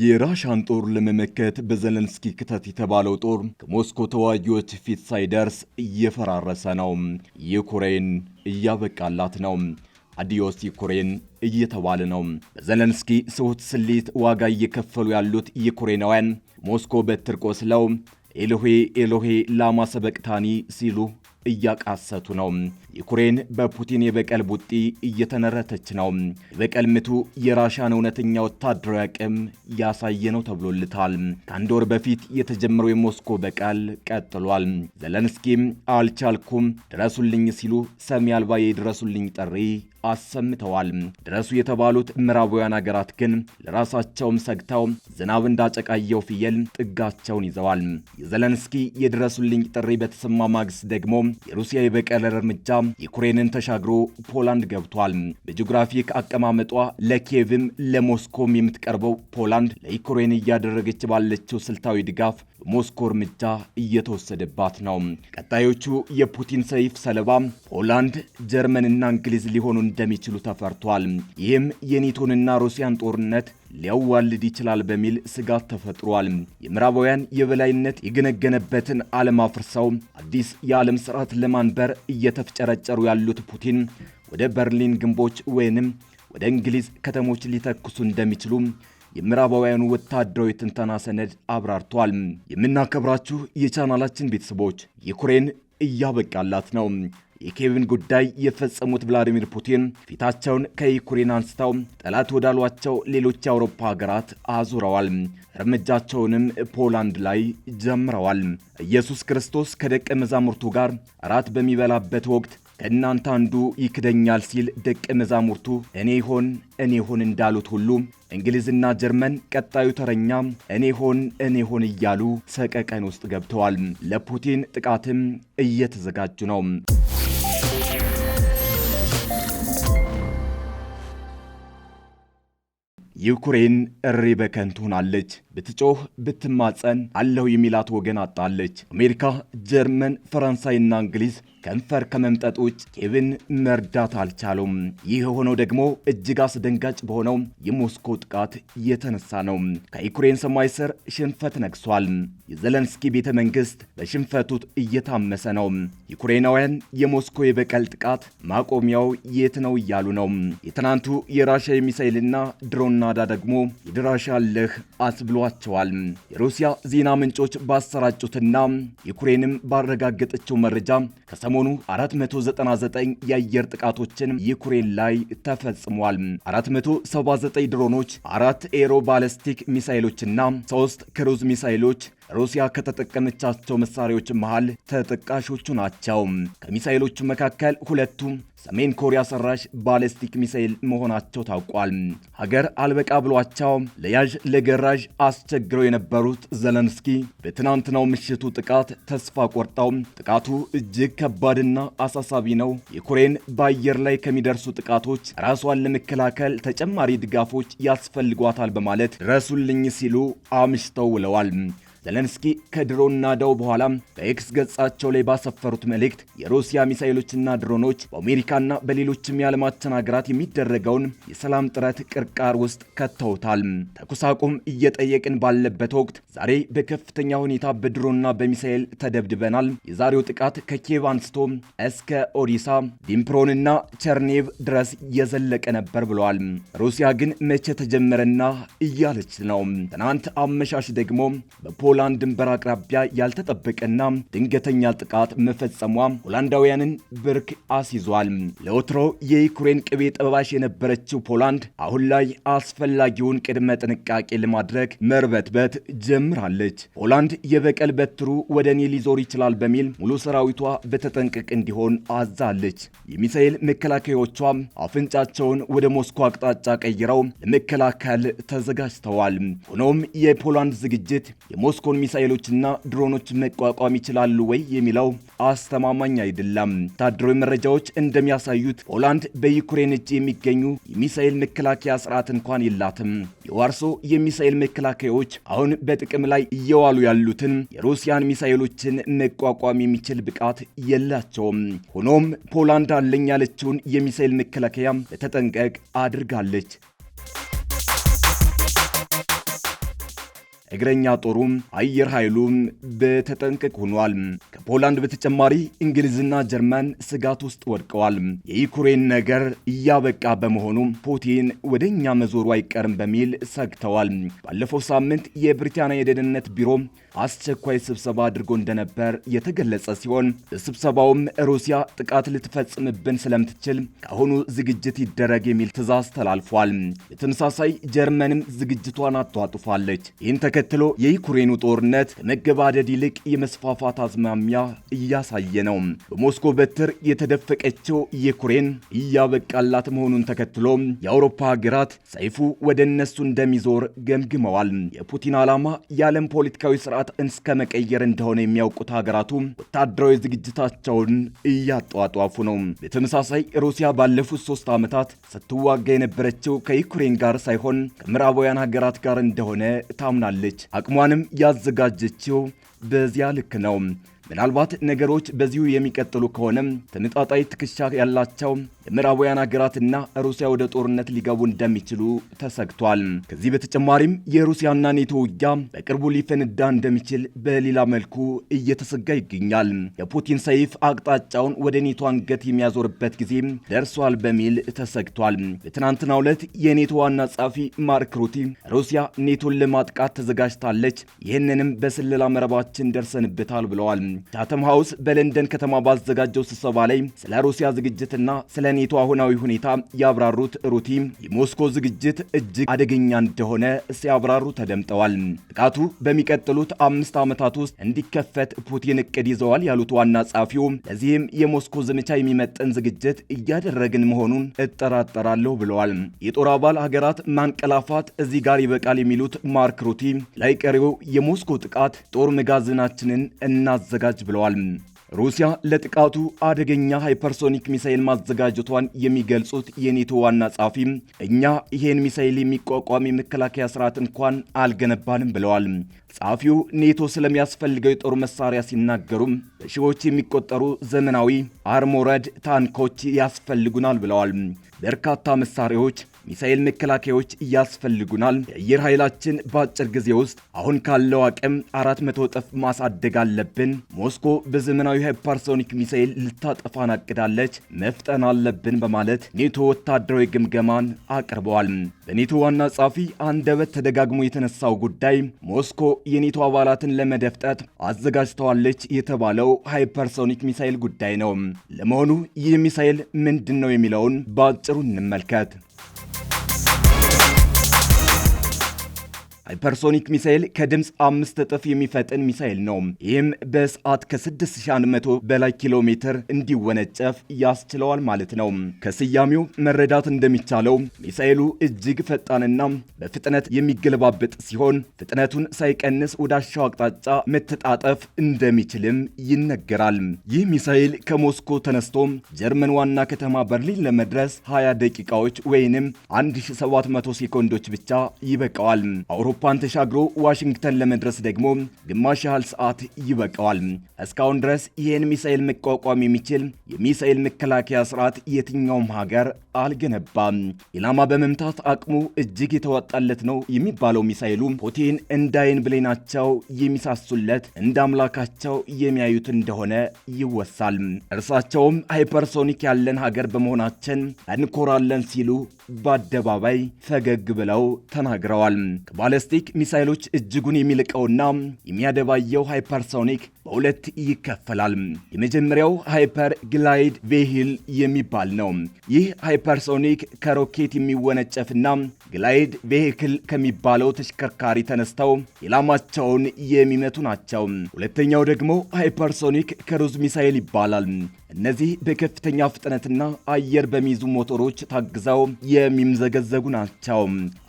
የራሻን ጦር ለመመከት በዘለንስኪ ክተት የተባለው ጦር ከሞስኮ ተዋጊዎች ፊት ሳይደርስ እየፈራረሰ ነው። ዩክሬን እያበቃላት ነው። አዲዮስ ዩክሬን እየተባለ ነው። በዘለንስኪ ስሁት ስሌት ዋጋ እየከፈሉ ያሉት ዩክሬናውያን ሞስኮ በትር ቆስለው ኤሎሄ ኤሎሄ ላማ ሰበቅታኒ ሲሉ እያቃሰቱ ነው። ዩክሬን በፑቲን የበቀል ቡጢ እየተነረተች ነው። የበቀል ምቱ የራሻን እውነተኛ ወታደራዊ አቅም ያሳየ ነው ተብሎልታል። ከአንድ ወር በፊት የተጀመረው የሞስኮ በቀል ቀጥሏል። ዘለንስኪም አልቻልኩም ድረሱልኝ ሲሉ ሰሚ አልባ የድረሱልኝ ጥሪ አሰምተዋል። ድረሱ የተባሉት ምዕራባውያን አገራት ግን ለራሳቸውም ሰግተው ዝናብ እንዳጨቃየው ፍየል ጥጋቸውን ይዘዋል። የዘለንስኪ የድረሱልኝ ጥሪ በተሰማ ማግስት ደግሞ የሩሲያ የበቀል እርምጃ ዩክሬንን ተሻግሮ ፖላንድ ገብቷል። በጂኦግራፊክ አቀማመጧ ለኪየቭም ለሞስኮም የምትቀርበው ፖላንድ ለዩክሬን እያደረገች ባለችው ስልታዊ ድጋፍ በሞስኮ እርምጃ እየተወሰደባት ነው። ቀጣዮቹ የፑቲን ሰይፍ ሰለባ ፖላንድ፣ ጀርመንና እንግሊዝ ሊሆኑ እንደሚችሉ ተፈርቷል። ይህም የኔቶንና ሩሲያን ጦርነት ሊያዋልድ ይችላል በሚል ስጋት ተፈጥሯል። የምዕራባውያን የበላይነት የገነገነበትን ዓለም አፍርሰው አዲስ የዓለም ስርዓት ለማንበር እየተፍጨረጨሩ ያሉት ፑቲን ወደ በርሊን ግንቦች ወይንም ወደ እንግሊዝ ከተሞች ሊተኩሱ እንደሚችሉ የምዕራባውያኑ ወታደራዊ ትንተና ሰነድ አብራርቷል። የምናከብራችሁ የቻናላችን ቤተሰቦች ዩክሬን እያበቃላት ነው። የኬቪን ጉዳይ የፈጸሙት ቭላዲሚር ፑቲን ፊታቸውን ከዩክሬን አንስተው ጠላት ወዳሏቸው ሌሎች የአውሮፓ ሀገራት አዙረዋል። እርምጃቸውንም ፖላንድ ላይ ጀምረዋል። ኢየሱስ ክርስቶስ ከደቀ መዛሙርቱ ጋር እራት በሚበላበት ወቅት ከእናንተ አንዱ ይክደኛል ሲል ደቀ መዛሙርቱ እኔ ሆን እኔ ሆን እንዳሉት ሁሉ እንግሊዝና ጀርመን ቀጣዩ ተረኛ እኔ ሆን እኔ ሆን እያሉ ሰቀቀን ውስጥ ገብተዋል። ለፑቲን ጥቃትም እየተዘጋጁ ነው። ዩክሬን እሪ በከንቱ ሆናለች። ብትጮህ ብትማጸን አለሁ የሚላት ወገን አጣለች። አሜሪካ፣ ጀርመን፣ ፈረንሳይና እንግሊዝ ከንፈር ከመምጠጥ ውጭ ኬቭን መርዳት አልቻሉም። ይህ የሆነው ደግሞ እጅግ አስደንጋጭ በሆነው የሞስኮ ጥቃት የተነሳ ነው። ከዩክሬን ሰማይ ስር ሽንፈት ነግሷል። የዘለንስኪ ቤተ መንግስት በሽንፈቱ እየታመሰ ነው። ዩክሬናውያን የሞስኮ የበቀል ጥቃት ማቆሚያው የት ነው እያሉ ነው። የትናንቱ የራሽያ የሚሳይልና ድሮና ካናዳ ደግሞ አለህ አስብሏቸዋል። የሩሲያ ዜና ምንጮች ባሰራጩትና ዩክሬንም ባረጋገጠችው መረጃ ከሰሞኑ 499 የአየር ጥቃቶችን ዩክሬን ላይ ተፈጽሟል። 479 ድሮኖች፣ አራት ኤሮ ባለስቲክ ሚሳይሎችና ሶስት ክሩዝ ሚሳይሎች ሩሲያ ከተጠቀመቻቸው መሳሪያዎች መሃል ተጠቃሾቹ ናቸው። ከሚሳኤሎቹ መካከል ሁለቱ ሰሜን ኮሪያ ሰራሽ ባለስቲክ ሚሳኤል መሆናቸው ታውቋል። ሀገር አልበቃ ብሏቸው ለያዥ ለገራዥ አስቸግረው የነበሩት ዘለንስኪ በትናንትናው ምሽቱ ጥቃት ተስፋ ቆርጠው ጥቃቱ እጅግ ከባድና አሳሳቢ ነው፣ የዩክሬን በአየር ላይ ከሚደርሱ ጥቃቶች ራሷን ለመከላከል ተጨማሪ ድጋፎች ያስፈልጓታል በማለት ድረሱልኝ ሲሉ አምሽተው ውለዋል። ዘለንስኪ ከድሮና ዳው በኋላ በኤክስ ገጻቸው ላይ ባሰፈሩት መልእክት የሩሲያ ሚሳይሎችና ድሮኖች በአሜሪካና በሌሎችም የዓለማችን ሀገራት የሚደረገውን የሰላም ጥረት ቅርቃር ውስጥ ከተውታል። ተኩስ አቁም እየጠየቅን ባለበት ወቅት ዛሬ በከፍተኛ ሁኔታ በድሮና በሚሳይል ተደብድበናል። የዛሬው ጥቃት ከኪየቭ አንስቶ እስከ ኦዲሳ ዲምፕሮንና ቸርኔቭ ድረስ የዘለቀ ነበር ብለዋል። ሩሲያ ግን መቼ ተጀመረና እያለች ነው። ትናንት አመሻሽ ደግሞ በፖ ሆላንድ ድንበር አቅራቢያ ያልተጠበቀና ድንገተኛ ጥቃት መፈጸሟ ሆላንዳውያንን ብርክ አስይዟል። ለወትሮ የዩክሬን ቅቤ ጠባሽ የነበረችው ፖላንድ አሁን ላይ አስፈላጊውን ቅድመ ጥንቃቄ ለማድረግ መርበትበት ጀምራለች። ፖላንድ የበቀል በትሩ ወደ እኔ ሊዞር ይችላል በሚል ሙሉ ሰራዊቷ በተጠንቀቅ እንዲሆን አዛለች። የሚሳኤል መከላከያዎቿ አፍንጫቸውን ወደ ሞስኮ አቅጣጫ ቀይረው ለመከላከል ተዘጋጅተዋል። ሆኖም የፖላንድ ዝግጅት የሞስኮ የአስኮን ሚሳኤሎችና ድሮኖች መቋቋም ይችላሉ ወይ የሚለው አስተማማኝ አይደለም። ወታደራዊ መረጃዎች እንደሚያሳዩት ፖላንድ በዩክሬን እጅ የሚገኙ የሚሳኤል መከላከያ ስርዓት እንኳን የላትም። የዋርሶ የሚሳኤል መከላከያዎች አሁን በጥቅም ላይ እየዋሉ ያሉትን የሩሲያን ሚሳኤሎችን መቋቋም የሚችል ብቃት የላቸውም። ሆኖም ፖላንድ አለኝ ያለችውን የሚሳኤል መከላከያ ለተጠንቀቅ አድርጋለች። እግረኛ ጦሩም አየር ኃይሉም በተጠንቀቅ ሆኗል። ከፖላንድ በተጨማሪ እንግሊዝና ጀርመን ስጋት ውስጥ ወድቀዋል። የዩክሬን ነገር እያበቃ በመሆኑ ፑቲን ወደ እኛ መዞሩ አይቀርም በሚል ሰግተዋል። ባለፈው ሳምንት የብሪታንያ የደህንነት ቢሮ አስቸኳይ ስብሰባ አድርጎ እንደነበር የተገለጸ ሲሆን በስብሰባውም ሩሲያ ጥቃት ልትፈጽምብን ስለምትችል ከአሁኑ ዝግጅት ይደረግ የሚል ትዕዛዝ ተላልፏል። በተመሳሳይ ጀርመንም ዝግጅቷን አቷጡፋለች። ይህን ተከትሎ የዩክሬኑ ጦርነት ከመገባደድ ይልቅ የመስፋፋት አዝማሚያ እያሳየ ነው። በሞስኮ በትር የተደፈቀችው ዩክሬን እያበቃላት መሆኑን ተከትሎ የአውሮፓ ሀገራት ሰይፉ ወደ እነሱ እንደሚዞር ገምግመዋል። የፑቲን ዓላማ የዓለም ፖለቲካዊ ስርዓት ግዛት እስከ መቀየር እንደሆነ የሚያውቁት ሀገራቱ ወታደራዊ ዝግጅታቸውን እያጧጧፉ ነው። በተመሳሳይ ሩሲያ ባለፉት ሶስት ዓመታት ስትዋጋ የነበረችው ከዩክሬን ጋር ሳይሆን ከምዕራባውያን ሀገራት ጋር እንደሆነ ታምናለች። አቅሟንም ያዘጋጀችው በዚያ ልክ ነው። ምናልባት ነገሮች በዚሁ የሚቀጥሉ ከሆነም ተመጣጣኝ ትከሻ ያላቸው የምዕራባውያን ሀገራትና ሩሲያ ወደ ጦርነት ሊገቡ እንደሚችሉ ተሰግቷል። ከዚህ በተጨማሪም የሩሲያና ኔቶ ውጊያ በቅርቡ ሊፈነዳ እንደሚችል በሌላ መልኩ እየተሰጋ ይገኛል። የፑቲን ሰይፍ አቅጣጫውን ወደ ኔቶ አንገት የሚያዞርበት ጊዜ ደርሷል በሚል ተሰግቷል። በትናንትናው ዕለት የኔቶ ዋና ጸሐፊ ማርክ ሩቲ ሩሲያ ኔቶን ለማጥቃት ተዘጋጅታለች፣ ይህንንም በስለላ መረባችን ደርሰንበታል ብለዋል። ቻተም ሃውስ በለንደን ከተማ ባዘጋጀው ስብሰባ ላይ ስለ ሩሲያ ዝግጅትና ስለ የአገሪቱ አሁናዊ ሁኔታ ያብራሩት ሩቲ የሞስኮ ዝግጅት እጅግ አደገኛ እንደሆነ ሲያብራሩ ተደምጠዋል። ጥቃቱ በሚቀጥሉት አምስት ዓመታት ውስጥ እንዲከፈት ፑቲን እቅድ ይዘዋል ያሉት ዋና ጸሐፊው ለዚህም የሞስኮ ዘመቻ የሚመጠን ዝግጅት እያደረግን መሆኑን እጠራጠራለሁ ብለዋል። የጦር አባል ሀገራት ማንቀላፋት እዚህ ጋር ይበቃል የሚሉት ማርክ ሩቲ ላይቀሪው የሞስኮ ጥቃት ጦር መጋዘናችንን እናዘጋጅ ብለዋል። ሩሲያ ለጥቃቱ አደገኛ ሃይፐርሶኒክ ሚሳይል ማዘጋጀቷን የሚገልጹት የኔቶ ዋና ጸሐፊ እኛ ይሄን ሚሳይል የሚቋቋም የመከላከያ ስርዓት እንኳን አልገነባንም ብለዋል። ጸሐፊው ኔቶ ስለሚያስፈልገው የጦር መሳሪያ ሲናገሩም በሺዎች የሚቆጠሩ ዘመናዊ አርሞረድ ታንኮች ያስፈልጉናል ብለዋል። በርካታ መሳሪያዎች ሚሳኤል መከላከያዎች ያስፈልጉናል። የአየር ኃይላችን በአጭር ጊዜ ውስጥ አሁን ካለው አቅም አራት መቶ እጥፍ ማሳደግ አለብን። ሞስኮ በዘመናዊ ሃይፐርሶኒክ ሚሳኤል ልታጠፋን አቅዳለች። መፍጠን አለብን በማለት ኔቶ ወታደራዊ ግምገማን አቅርበዋል። በኔቶ ዋና ጸሐፊ አንደበት ተደጋግሞ የተነሳው ጉዳይ ሞስኮ የኔቶ አባላትን ለመደፍጠት አዘጋጅተዋለች የተባለው ሃይፐርሶኒክ ሚሳኤል ጉዳይ ነው። ለመሆኑ ይህ ሚሳኤል ምንድን ነው የሚለውን በአጭሩ እንመልከት። ሃይፐርሶኒክ ሚሳኤል ከድምፅ አምስት እጥፍ የሚፈጥን ሚሳኤል ነው። ይህም በሰዓት ከ6100 በላይ ኪሎ ሜትር እንዲወነጨፍ ያስችለዋል ማለት ነው። ከስያሜው መረዳት እንደሚቻለው ሚሳኤሉ እጅግ ፈጣንና በፍጥነት የሚገለባበጥ ሲሆን ፍጥነቱን ሳይቀንስ ወዳሻው አቅጣጫ መተጣጠፍ እንደሚችልም ይነገራል። ይህ ሚሳኤል ከሞስኮ ተነስቶ ጀርመን ዋና ከተማ በርሊን ለመድረስ 20 ደቂቃዎች ወይንም 1700 ሴኮንዶች ብቻ ይበቃዋል። አውሮፓን ተሻግሮ ዋሽንግተን ለመድረስ ደግሞ ግማሽ ያህል ሰዓት ይበቀዋል። እስካሁን ድረስ ይህን ሚሳኤል መቋቋም የሚችል የሚሳኤል መከላከያ ስርዓት የትኛውም ሀገር አልገነባም። ኢላማ በመምታት አቅሙ እጅግ የተዋጣለት ነው የሚባለው ሚሳኤሉ ፑቲን እንዳይን ብሌናቸው የሚሳሱለት እንደ አምላካቸው የሚያዩት እንደሆነ ይወሳል። እርሳቸውም ሃይፐርሶኒክ ያለን ሀገር በመሆናችን እንኮራለን ሲሉ በአደባባይ ፈገግ ብለው ተናግረዋል። ከባለስ ባሊስቲክ ሚሳይሎች እጅጉን የሚልቀውና የሚያደባየው ሃይፐርሶኒክ በሁለት ይከፈላል። የመጀመሪያው ሃይፐር ግላይድ ቬሂል የሚባል ነው። ይህ ሃይፐርሶኒክ ከሮኬት የሚወነጨፍና ግላይድ ቬሂክል ከሚባለው ተሽከርካሪ ተነስተው ኢላማቸውን የሚመቱ ናቸው። ሁለተኛው ደግሞ ሃይፐርሶኒክ ክሩዝ ሚሳይል ይባላል። እነዚህ በከፍተኛ ፍጥነትና አየር በሚይዙ ሞተሮች ታግዘው የሚምዘገዘጉ ናቸው።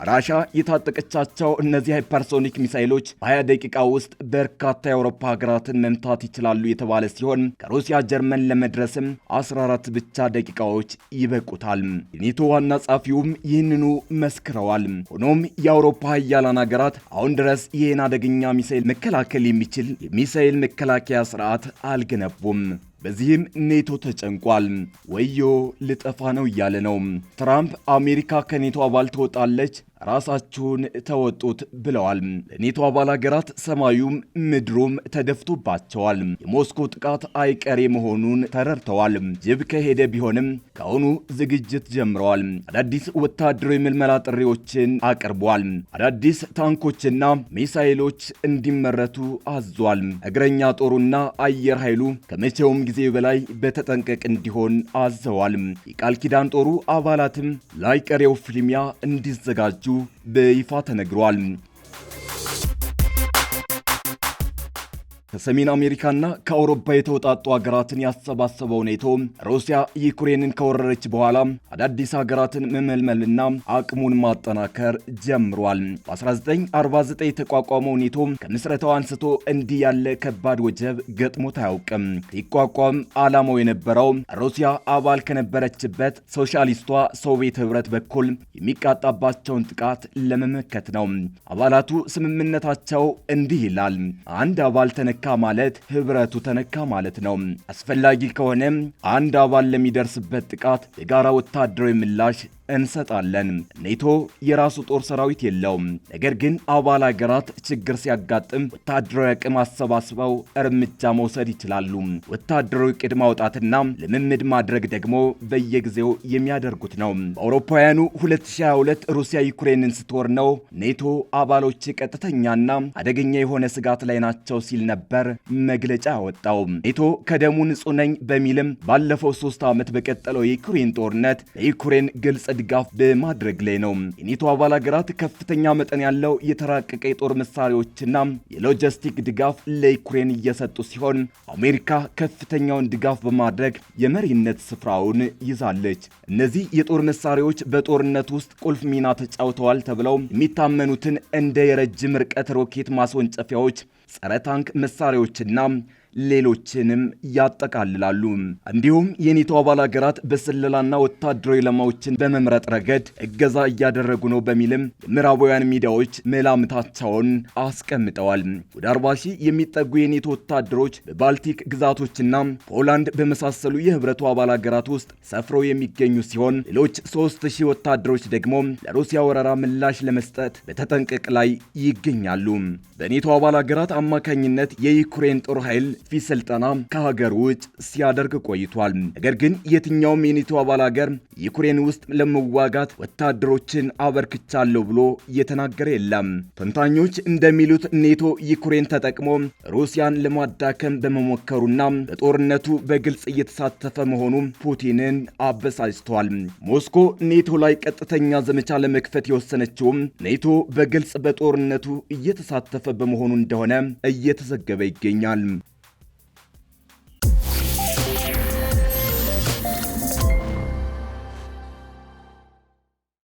ራሻ የታጠቀቻቸው እነዚህ ሃይፐርሶኒክ ሚሳይሎች በ20 ደቂቃ ውስጥ በርካታ የአውሮፓ ሀገራትን መምታት ይችላሉ የተባለ ሲሆን ከሩሲያ ጀርመን ለመድረስም 14 ብቻ ደቂቃዎች ይበቁታል። የኔቶ ዋና ጸሐፊውም ይህንኑ መስክረዋል። ሆኖም የአውሮፓ ያላን ሀገራት አሁን ድረስ ይህን አደገኛ ሚሳይል መከላከል የሚችል የሚሳይል መከላከያ ስርዓት አልገነቡም። በዚህም ኔቶ ተጨንቋል። ወዮ ልጠፋ ነው እያለ ነው። ትራምፕ አሜሪካ ከኔቶ አባል ትወጣለች ራሳችሁን ተወጡት ብለዋል። ለኔቶ አባል ሀገራት ሰማዩም ምድሩም ተደፍቶባቸዋል። የሞስኮ ጥቃት አይቀሬ መሆኑን ተረድተዋል። ጅብ ከሄደ ቢሆንም ከአሁኑ ዝግጅት ጀምረዋል። አዳዲስ ወታደራዊ ምልመላ ጥሪዎችን አቅርቧል። አዳዲስ ታንኮችና ሚሳይሎች እንዲመረቱ አዟል። እግረኛ ጦሩና አየር ኃይሉ ከመቼውም ጊዜ በላይ በተጠንቀቅ እንዲሆን አዘዋል። የቃል ኪዳን ጦሩ አባላትም ለአይቀሬው ፍልሚያ እንዲዘጋጁ እንደሚወስዱ በይፋ ተነግሯል። ከሰሜን አሜሪካና ከአውሮፓ የተውጣጡ ሀገራትን ያሰባሰበው ኔቶ ሩሲያ ዩክሬንን ከወረረች በኋላ አዳዲስ ሀገራትን መመልመልና አቅሙን ማጠናከር ጀምሯል። በ1949 የተቋቋመው ኔቶ ከምስረታው አንስቶ እንዲህ ያለ ከባድ ወጀብ ገጥሞት አያውቅም። ሲቋቋም ዓላማው የነበረው ሩሲያ አባል ከነበረችበት ሶሻሊስቷ ሶቪየት ህብረት በኩል የሚቃጣባቸውን ጥቃት ለመመከት ነው። አባላቱ ስምምነታቸው እንዲህ ይላል። አንድ አባል ተነ ተነካ ማለት ህብረቱ ተነካ ማለት ነው። አስፈላጊ ከሆነ አንድ አባል ለሚደርስበት ጥቃት የጋራ ወታደራዊ ምላሽ እንሰጣለን። ኔቶ የራሱ ጦር ሰራዊት የለውም። ነገር ግን አባል ሀገራት ችግር ሲያጋጥም ወታደራዊ አቅም አሰባስበው እርምጃ መውሰድ ይችላሉ። ወታደራዊ ቅድ ማውጣትና ልምምድ ማድረግ ደግሞ በየጊዜው የሚያደርጉት ነው። በአውሮፓውያኑ 2022 ሩሲያ ዩክሬንን ስትወር ነው ኔቶ አባሎች ቀጥተኛና አደገኛ የሆነ ስጋት ላይ ናቸው ሲል ነበር መግለጫ ያወጣው። ኔቶ ከደሙ ንጹሕ ነኝ በሚልም ባለፈው ሶስት ዓመት በቀጠለው የዩክሬን ጦርነት ለዩክሬን ግልጽ ድጋፍ በማድረግ ላይ ነው። የኔቶ አባል ሀገራት ከፍተኛ መጠን ያለው የተራቀቀ የጦር መሳሪያዎችና የሎጂስቲክ ድጋፍ ለዩክሬን እየሰጡ ሲሆን አሜሪካ ከፍተኛውን ድጋፍ በማድረግ የመሪነት ስፍራውን ይዛለች። እነዚህ የጦር መሳሪያዎች በጦርነት ውስጥ ቁልፍ ሚና ተጫውተዋል ተብለው የሚታመኑትን እንደ የረጅም ርቀት ሮኬት ማስወንጨፊያዎች፣ ጸረ ታንክ መሳሪያዎችና ሌሎችንም ያጠቃልላሉ። እንዲሁም የኔቶ አባል ሀገራት በስለላና ወታደራዊ ለማዎችን በመምረጥ ረገድ እገዛ እያደረጉ ነው በሚልም የምዕራባውያን ሚዲያዎች መላምታቸውን አስቀምጠዋል። ወደ አርባ ሺህ የሚጠጉ የኔቶ ወታደሮች በባልቲክ ግዛቶችና ፖላንድ በመሳሰሉ የህብረቱ አባል ሀገራት ውስጥ ሰፍረው የሚገኙ ሲሆን ሌሎች ሶስት ሺህ ወታደሮች ደግሞ ለሩሲያ ወረራ ምላሽ ለመስጠት በተጠንቀቅ ላይ ይገኛሉ። በኔቶ አባል ሀገራት አማካኝነት የዩክሬን ጦር ኃይል ሰፊ ስልጠና ከሀገር ውጭ ሲያደርግ ቆይቷል። ነገር ግን የትኛውም የኔቶ አባል ሀገር ዩክሬን ውስጥ ለመዋጋት ወታደሮችን አበርክቻለሁ ብሎ እየተናገረ የለም። ተንታኞች እንደሚሉት ኔቶ ዩክሬን ተጠቅሞ ሩሲያን ለማዳከም በመሞከሩና በጦርነቱ በግልጽ እየተሳተፈ መሆኑ ፑቲንን አበሳጭቷል። ሞስኮ ኔቶ ላይ ቀጥተኛ ዘመቻ ለመክፈት የወሰነችውም ኔቶ በግልጽ በጦርነቱ እየተሳተፈ በመሆኑ እንደሆነ እየተዘገበ ይገኛል።